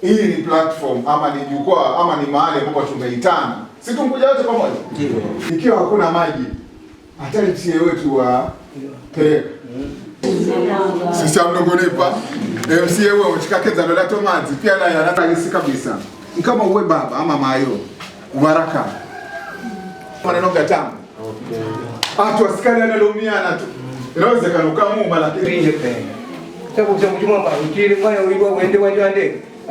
hii ni platform ama ni jukwaa ama ni mahali ambapo tumeitana, si tumkuja wote pamoja. Ikiwa hakuna maji, hatari mtie wetu wa peleka sisi amnogonipa mca kenza uchikakeza dodato maji pia nayo anatagisi kabisa kama uwe baba ama mayo waraka maneno gatamu atu asikari analumiana tu inawezekana ukamuma lakini ndio pengine kwa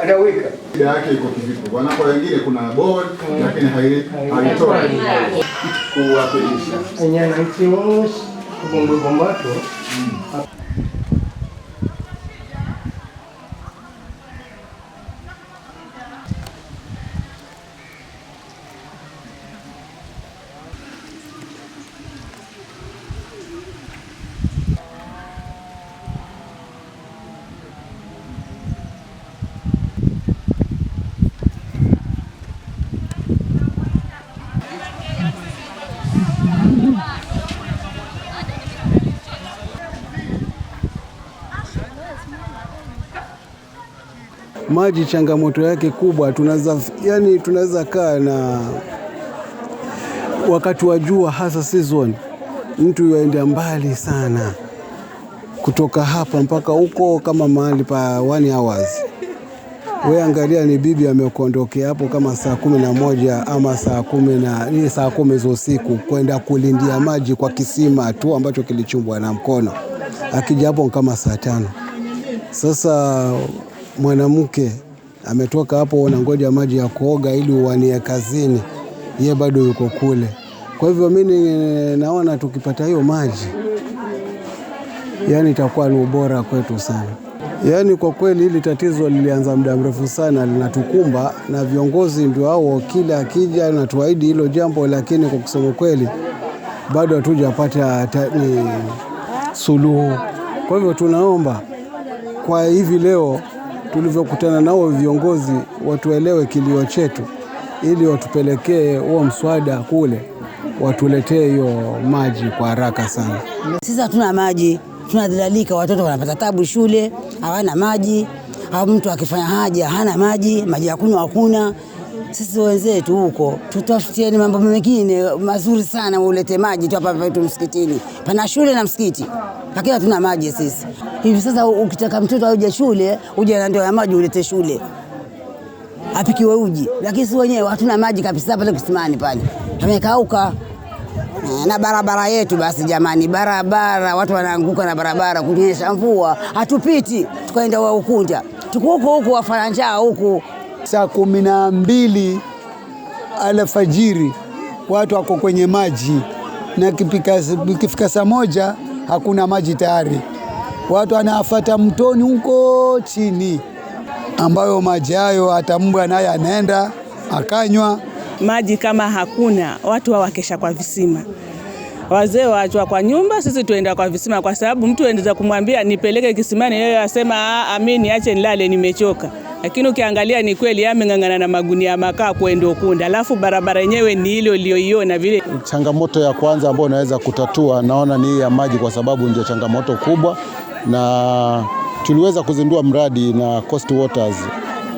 anawika shida yake iko kivipi? Bwana, kwa wengine kuna board mm. lakini haitoki kuwakilisha anyananchi woshi kubombwebombato mm. maji changamoto yake kubwa tunaweza, yani tunaweza kaa na wakati wa jua hasa season, mtu yaenda mbali sana kutoka hapa mpaka huko, kama mahali pa one hours. We angalia, ni bibi amekuondokea hapo kama saa kumi na moja ama saa kumi na ni saa kumi za usiku kwenda kulindia maji kwa kisima tu ambacho kilichumbwa na mkono, akija hapo kama saa tano sasa mwanamke ametoka hapo, wanangoja maji ya kuoga ili uwanie kazini, ye bado yuko kule. Kwa hivyo mimi naona tukipata hiyo maji, yani itakuwa ni ubora kwetu sana. Yaani kwa kweli hili tatizo lilianza muda mrefu sana, linatukumba na viongozi ndio hao, kila akija natuahidi hilo jambo, lakini kwa kusema kweli bado hatujapata suluhu. Kwa hivyo tunaomba kwa hivi leo tulivyokutana nao viongozi watuelewe kilio chetu, ili watupelekee huo mswada kule, watuletee hiyo maji kwa haraka sana. Sisi hatuna maji, tunadhalilika. Watoto wanapata tabu shule, hawana maji, au mtu akifanya haja hana maji, maji ya kunywa hakuna. Sisi wenzetu huko tutafutieni mambo mengine mazuri sana, ulete maji tu hapa kwetu msikitini. Pana shule na msikiti, lakini hatuna maji sisi. Hivi sasa ukitaka mtoto auje shule, uje na ndoo ya maji ulete shule apikiwe uji, lakini si wenyewe hatuna maji kabisa pale kisimani pale, amekauka eh, na barabara yetu. Basi jamani, barabara watu wanaanguka na barabara, kunyesha mvua hatupiti, tukaenda wa Ukunda, tuko huko huko wafanya njaa huku. Saa kumi na mbili alfajiri watu wako kwenye maji, na kifika saa moja hakuna maji tayari watu anafata mtoni huko chini, ambayo maji hayo hata mbwa naye anaenda akanywa maji. Kama hakuna watu hawakesha kwa visima, wazee waachwa kwa nyumba, sisi tuenda kwa visima, kwa sababu mtu endeza kumwambia nipeleke kisimani, yeye asema ah, ah, mimi niache nilale, nimechoka lakini ukiangalia ni kweli ameng'ang'ana na magunia makaa kwenda Ukunda, alafu barabara yenyewe ni ile uliyoiona vile. Changamoto ya kwanza ambayo unaweza kutatua, naona ni hii ya maji, kwa sababu ndio changamoto kubwa na tuliweza kuzindua mradi na Coast Waters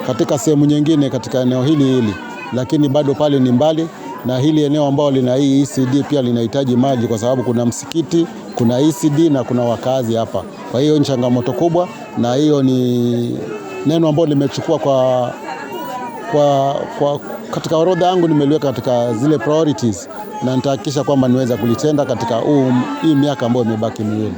katika sehemu nyingine katika eneo hili hili, lakini bado pale ni mbali na hili eneo ambalo lina hii ECD pia linahitaji maji, kwa sababu kuna msikiti, kuna ECD na kuna wakazi hapa. Kwa hiyo ni changamoto kubwa, na hiyo ni neno ambalo limechukua kwa, kwa, kwa katika orodha yangu nimeliweka katika zile priorities, na nitahakikisha kwamba niweza kulitenda katika hii miaka ambayo imebaki miwili.